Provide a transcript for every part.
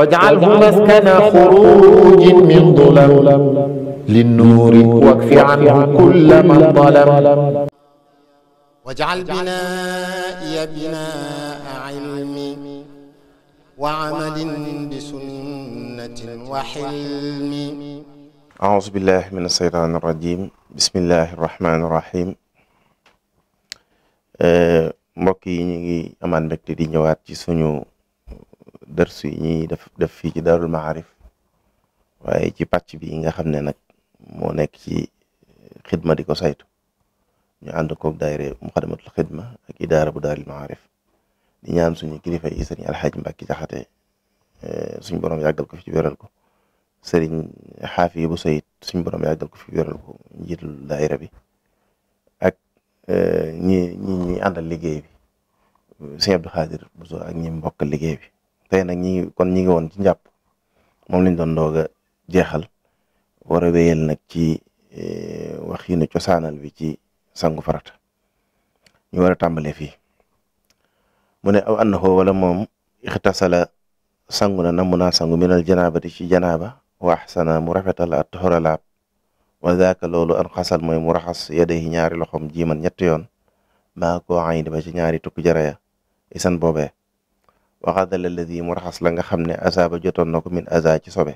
واجعله مسكن خروج من ظلم للنور واكف عنه كل من ظلم واجعل بنائي بناء علم وعمل بسنة وحلم أعوذ بالله من الشيطان الرجيم بسم الله الرحمن الرحيم mbokk yi ñu ngi amaan mbégte di ñëwaat ci suñu darsu yi def def fii ci darul maarif waaye ci pàcc bi nga xam ne nag moo nekk ci eh, xidma di ko saytu ñu ànd koog daayira muxadamatul xidma ak idaara bu daaril maarif di ñaan suñu kilifa yi sëriñ alxaaj mbàkki jaxate eh, suñ borom yàggal ko fi ci wéral ko sëriñ xaafi bu sayit suñ borom yàggal ko fi wéral ko njiitul daayira bi ak eh, ñi ñi ñi àndal liggéey bi sëñ Abdou Xaadir bu so ak ñi mbokk liggéey bi tey nag ñi kon ñi ngi woon ci njàpp moom lañ doon doog a jeexal war a wéyal nag ci eh, waxiinu cosaanal bi ci sangu farat ñu war a tàmbalee fii mu ne aw annahu wala moom ixtasala sangu na namu naa sangu minal janaabati ci janaba wa axsana mu rafetal at toxora wa zaaka loolu an xasal mooy mu raxas yadayhi ñaari loxom jiiman ñetti yoon maa ko ayni ba ci ñaari tukki jaraya isan boobee waxasala alladi mu raxas la nga xam ne asaaba jotoon na ko min aza ci sobe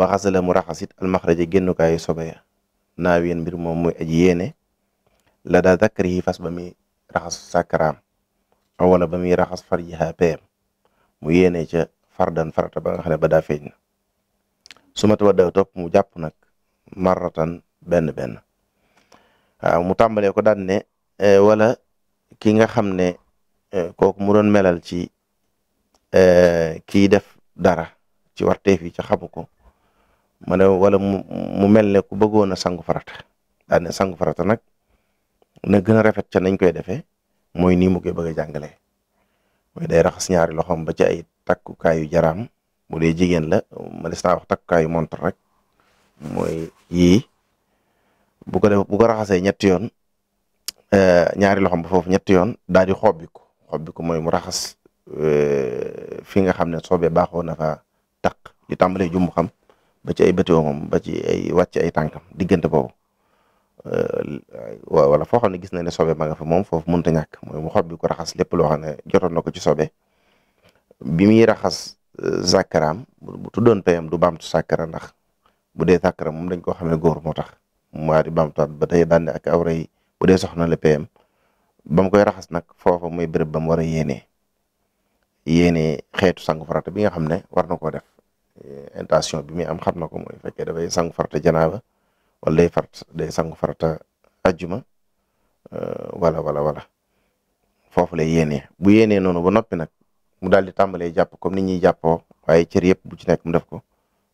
waxasala mu raxas it almaxraja génnukaayu sobe ya naaw yéen mbir moom muy aji yéene la daa zakkari yi fas ba muy raxas sàkkaraam wala ba muy raxas far jiha pm mu yéene ca fardan farata ba nga xam ne ba daa feeñ na su ma tawadda topp mu jàpp nag marratan benn benn waaw mu tàmbalee ko daan ne eh, wala ki nga xam ne eh, kooku mu doon melal ci Eh, kii def dara ci warteef yi ca xamu ko mu ne wala mu mel ne ku bëggoon a sangu farata daal ne sangu farata nag na gën a rafet ca nañ koy defee mooy nii mu koy bëgg a jàngalee mooy day raxas ñaari loxoom ba ci ay takkukaayu jaraam bu dee jigéen la ma des naa wax takkukaayu montre rek mooy yii bu ko def raxasee ñetti yoon eh, ñaari loxom ba foofu ñetti yoon daal di xobbiku xobbiku mooy mu raxas. Euh, fi nga xam ne soobee baaxoo na fa taq li tàmbalee jumbu xam ba ci ay bëtéo moom ba ci ay wàcc ay tànkam diggante boobu euh, wala foo xam ne gis na ne soobee ma nga fa moom foofu mënut a ñàkk mooy mu xob bi ko raxas lépp loo xam ne jotoon na ko ci soobee bi muy raxas zakaraam euh, bu tuddoon payam du baamtu sakara ndax bu dee sakara moom dañ koo xamee góor moo tax mu waa di baamtuwaat ba tey daan ak awra bu dee soxna la payam ba mu koy raxas nag foofa mooy béréb ba mu war a yéenee yéene xeetu sangu farata bi nga xam ne war na koo def intention bi muy am xam na ko mooy fekkee dafay sangu farata janaaba wala day fart day sangu farata ajjuma euh, wala wala wala foofu lay yéenee bu yéenee noonu ba noppi nag mu daal di tàmbalee jàpp comme ni ñuy jàppoo waaye cër yëpp bu ci nekk mu def ko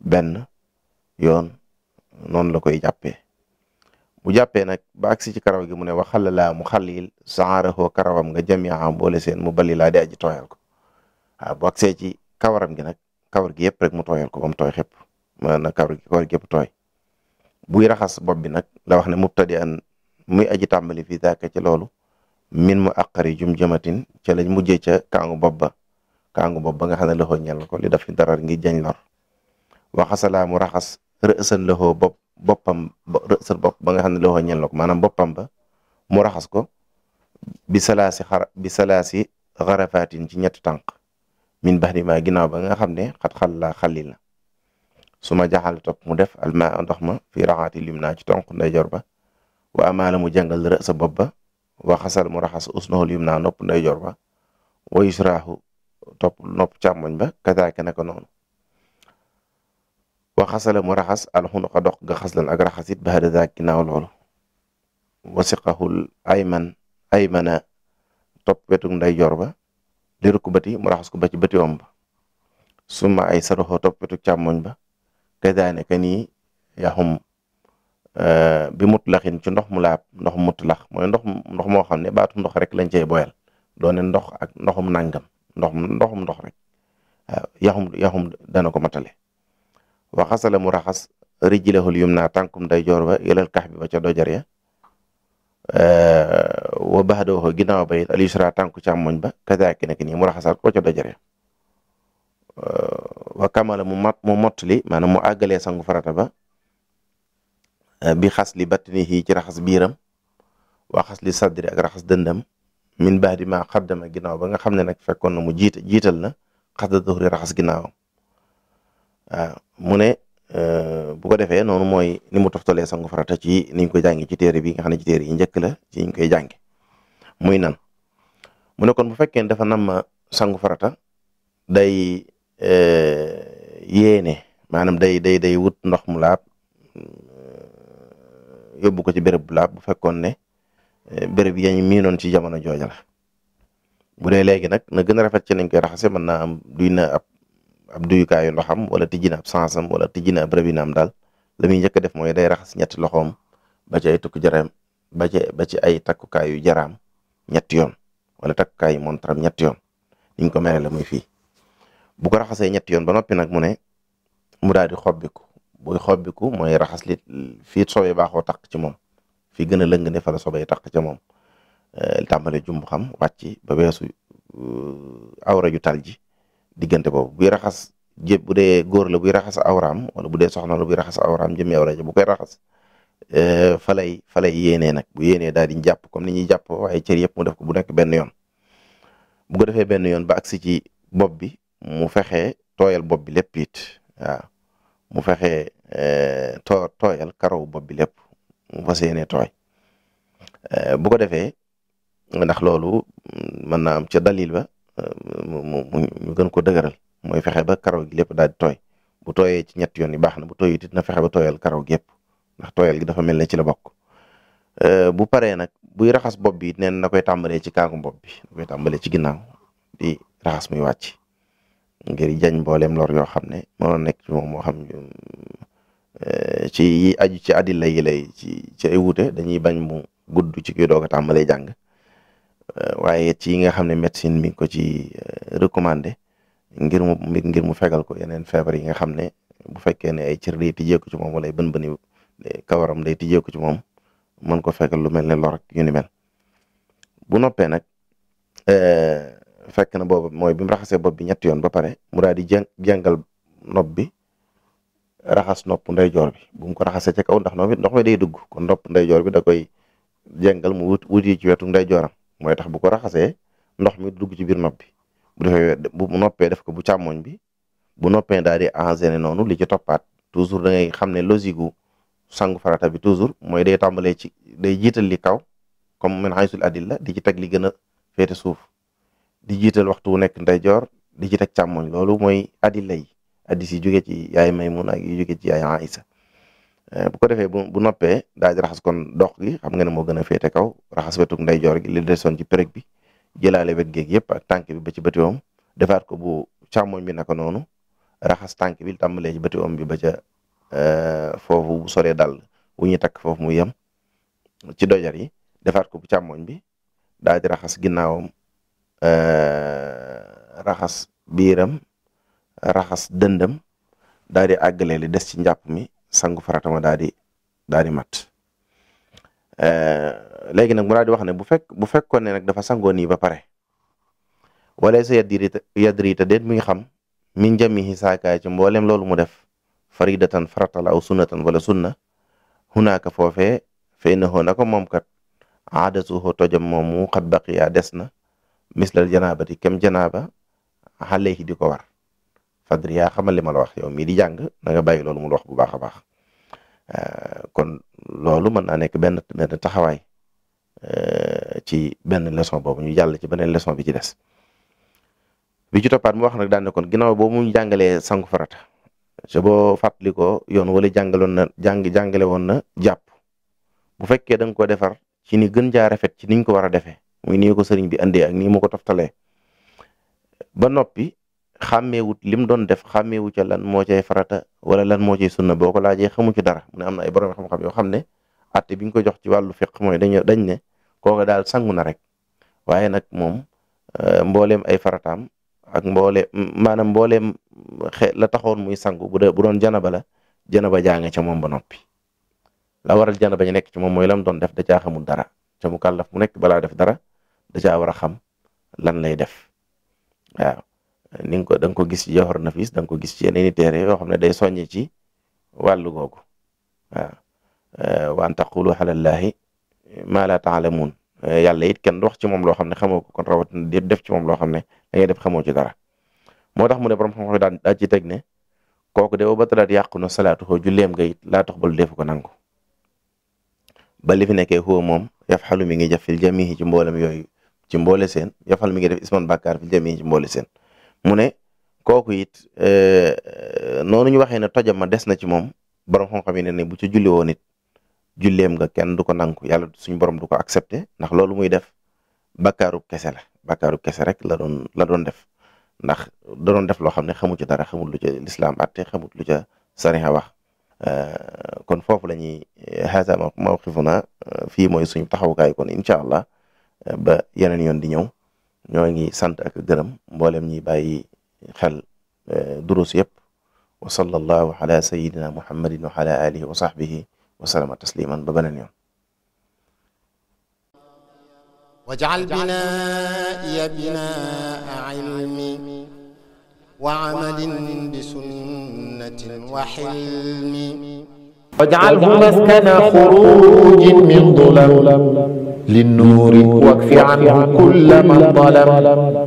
benn yoon noonu la koy jàppee mu jàppee nag ba agsi ci karaw gi mu ne waxal laa mu xallil saaraxoo karawam nga jamiaa boole seen mu bali laa di aji tooyal ko waaw bu agsee ci kawaram gi nag kawar gi yëpp rek mu tooyal ko tooy xëpp maanaam kawar gi kawar gi yëpp tooy buy raxas bopp bi nag la wax ne mubtadi an muy aji tàmbali fii daaka ci loolu min mu àqari jum jamatin ca lañ mujjee ca kaangu bopp ba kaangu bopp ba nga xam ne loxoo ñel ko li daf darar ngi jañ lor mu raxas rësan loxoo bopp boppam rësan bopp ba nga xam ne loxoo ñel ko maanaam boppam ba mu raxas ko bi salaasi xara bi ci ñetti tànk min baxdi ma ginnaaw ba nga xam ne xat xal laa xalil na su ma jaxal topp mu def almaa ndox ma fii raxaati lim naa ci tonk ndeyjoor ba wa amaala mu jàngal sa bopp ba wa xasal mu raxas usnahu lim naa nopp ndeyjoor ba wa yusraahu topp nopp càmmoñ ba kadaaka naka noonu wa xasala mu raxas alxunuqa dox ga xaslan ak raxasit baxda zaak ginnaaw loolu wasiqahul ayman aymana topp wetu ndeyjoor ba li rukkubati mu raxas ko ba ci bëti wam ba suma ay saroxoo toppitu càmmoñ ba kazaalika nii yaxum euh, bi mut laxin ci ndox mu laab ndox lax mooy ndox ndox moo xam ne baatu ndox rek lañ cey boyal doone ndox ak ndoxum nangam ndox ndoxum ndox rek waaw yaxum yaxum dana ko matale waxasala mu raxas rijilahul yum naa tànkum day joor ba yelal kax bi ba ca dojar ya Eh, wa baxdawoo ginnaaw ba it al yusra tànku càmmoñ ba kadaaki nekk nii mu raxasal ko ca dojare eh, wa kamala mu mat mu mottali maanaam mu àggalee sangu farata ba eh, bi xas li batnihi ci raxas biiram wa xas li sadri ak raxas dëndam min ba'di ma qaddama ginnaaw ba nga xam ne nag fekkoon na mu jiita jiital na xas da duhri raxas ginnaawam ah, mu ne Euh, bu ko defee noonu mooy ni mu toftalee sangu farata ci niñ koy jàngi ci téere bi nga xam ne ci téere yi njëkk la ci koy jàngi muy nan mu kon bu fekkee dafa nam sangu farata day euh, yéene maanaam day day day wut ndox mu laab euh, yóbbu ko ci béréb bu laab bu fekkoon ne béréb yañ miinoon ci jamono jooja bu dee léegi nag na gën a rafet ci nañ koy raxase mën naa am duy na ab ab duyukaayu ndoxam wala tijji na ab sansam wala tijji na ab rabinaam daal la muy njëkk def mooy day raxas ñetti loxoom ba ci ay tukku jaraam ba ci ba ci ay takkukaayu jaraam ñetti yoon wala takkukaayu montaram ñetti yoon niñ ko mere la muy fii bu ko raxasee ñetti yoon ba noppi nag mu ne mu daal di xobbiku buy xobbiku mooy raxas li fii soobee baaxoo taq ci moom fii gën a lëng ne fa la soobee taq moom eh, tàmbale jumbu xam wàcc ba weesu euh, awra ju ji diggante boobu buy raxas jë bu dee góor la buy raxas awraam wala budee dee soxna la buy raxas awraam jëmmi awra ja bu koy raxas eh, falay falay yéenee nag bu yéenee daal di jàpp comme ni ñuy jàpp waaye cër yëpp mu def ko bu nekk benn yoon bu ko defee benn yoon ba agsi ci bopp bi mu fexe tooyal bopp bi lépp it mu fexe eh, too tooyal bopp bi lépp mu eh, bu ko defee ndax loolu mm, mën naa am ca dalil ba mu mu ñu gën ko dëgëral mooy fexe ba karaw gi lépp daal di tooy bu tooyee ci ñetti yoon yi baax na bu tooyee it na fexe ba tooyal karaw gi yëpp ndax tooyal gi dafa mel ne ci la bokk. Euh, bu paree nag buy raxas bopp bi it neen na koy tàmbalee ci kaagu bopp bi na koy tàmbalee ci ginnaaw di raxas muy wàcc ngir jañ mbooleem lor yoo xam ne mënoon nekk ci moom moo xam euh, ci yi aju ci adilla yi lay ci ci ay wuute dañuy bañ mu gudd ci kii doog a tàmbalee jàng. Eh, waaye ci yi nga xam ne médecine mi ngi ko ci eh, recommandé ngir mu mu fegal ko yeneen feebar yi nga xam ne bu fekkee ne ay cër day tijjee ko ci moom wala ay bën-bëni eh, kawaram day tijjee ko ci moom mën ko fegal lu mel ne lor ak yu bu noppee nag fekk na boobu mooy bi mu raxasee bopp bi ñetti yoon ba pare mu daal di jàng jàngal nopp bi raxas nopp ndeyjoor bi bu ko raxasee ca kaw ndax ndox mi ndox mi day dugg ko nopp ndeyjoor bi da koy jàngal mu wut wuti ci wetu ndeyjooram mooy tax bu ko raxasee ndox mi dugg ci biir nopp bi bu defee noppee def ko bu càmmoñ bi bu noppee daal di enchaîner noonu li ci toppaat toujours da ngay xam ne logique gu sangu farata bi toujours mooy day tàmbalee ci day jiital li kaw comme min haysul adilla di ci teg li gën a féete suuf di jiital waxtu wu nekk ndeyjoor di ci teg càmmoñ loolu mooy adilla yi addis yi jóge ci yaay Maymuna ak yi jóge ci yaay Aïsa Eh, bu ko defee bu bu noppee daal di raxas kon dox gi xam nga ne moo gën a féete kaw raxas wetuk ndeyjoor gi li soon ci péréb bi jëlaale wet geeg yëpp ak tànk bi ba ci bëti om defaat ko bu càmmoñ bi naka noonu raxas tànk bi tàmbalee ci bëti om bi ba ca eh, foofu bu soree dal wu ñuy takk foofu mu yem ci dojar yi defaat ko bu càmmoñ bi daal di raxas ginnaawam eh, raxas biiram raxas dëndam daal di àggalee li des ci njàpp mi sangu farata ma daal di daal di mat eh, léegi nag mu daal wax ne bu fekk bu fekkoon ne nag dafa sangoo nii ba pare wala sa yadri yadri te mi ngi xam min jamihi saakaay ci mboolem loolu mu def faridatan farata la aw sunnatan wala sunna hunaaka foofee fay na xoo na ko moom kat aadatuhu tojam des na mislal janaabati kem janaaba xaleehi di ko war fadri yaa xamal wax yow mii di jàng na nga bàyyi loolu mu wax a baax Euh, kon loolu mën naa nekk benn benn taxawaay euh, ci benn leçon boobu ñu jàll ci beneen leçon bi ci des bi ci toppaat mu wax nag daan ne kon ginnaaw boobu mu jàngalee sangu farata so boo fàttali ko yoon wala jàngaloon na jàng jàngale woon na jàpp bu fekkee da ko defar ci ni gën jaa rafet ci niñ ko war a defee muy nii ko sëriñ bi andee ak nii mu ko toftalee ba noppi xàmmeewut lim doon def xàmmeewu ca lan moo cay farata wala lan moo cay sunna boo ko laajee xamu ci dara mu ne am na ay borom xam-xam yoo xam ne atte bi ñu ko jox ci wàllu fiq mooy dañ dañ ne kooka daal sangu na rek waaye nag moom euh, mbooleem ay farataam ak mbooleem maanaam mbooleem la taxoon muy sangu bu bu doon janaba la janaba jaa nga ca moom ba noppi la waral janaba ñu nekk ci moom mooy lam doon def da caa xamul dara ca mu kàllaf mu nekk balaa def dara da caa war a xam lan lay def ni nga ko da nga ko gis ci Jawhar Nafis da nga ko gis ci yeneen i xam ne day soññe ci wàllu googu waaw euh, wa an taqulu alallaahi ma la taalamuun euh, yàlla yit kenn du wax ci moom loo xam ne xamoo ko kon rawatina di def ci moom loo xam ne da def xamoo ci dara moo tax mu ne borom xam-xam daan daa ci teg ne kooku de ba talaat yàqu na salaatu xoo julleem nga it laa tax bal defu ko nangu ba li fi nekkee xoo moom yafxalu mi ngi jëf fil jamihi ci mboolem yooyu ci mboole seen yafxalu mi ngi def isman bàkkaar fil jamihi ci mboole seen mu ne kooku it euh, noonu ñu waxee ne tojam ma des na ci moom borom xam-xam yi ne ne bu ci julli woon it julleem nga kenn du ko nangu yàlla suñu borom du ko accepté ndax loolu muy def bakkaaru kese la bakkaaru kese rek la doon la doon def ndax da def loo xam ne xamu ci dara xamul lu ca lislaam atte xamul lu ca sariha wax euh, kon foofu la ñuy haasa mawqifuna fii mooy suñu taxawukaay kon incha allah ba yeneen yoon di ñëw ñoo ngi sant ak gërëm mboolem ñi bàyyi xel eh, durus yëpp wa sallallahu ala sayidina muhammadin wa ala alihi wa sahbihi wa sallama tasliman ba beneen yoon waj'al binaa'iya binaa'a ilmi wa amalin bi sunnatin wa hilmi waj'alhu maskana khurujin min dulam للنور واكف عنه كل من ظلم